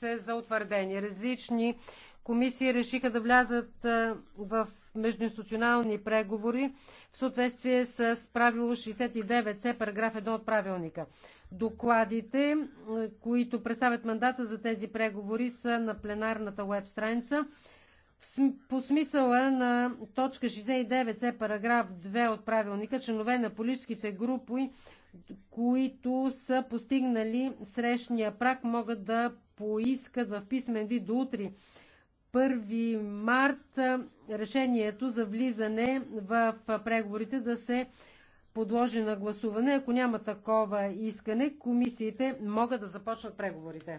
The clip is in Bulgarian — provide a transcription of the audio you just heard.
се за утвърдение. Различни комисии решиха да влязат в междуинституционални преговори в съответствие с правило 69c, параграф 1 от правилника. Докладите, които представят мандата за тези преговори, са на пленарната веб страница по смисъла на точка 69 е параграф 2 от правилника, членове на политическите групи, които са постигнали срещния прак, могат да поискат в писмен вид до утре 1 март решението за влизане в преговорите да се подложи на гласуване. Ако няма такова искане, комисиите могат да започнат преговорите.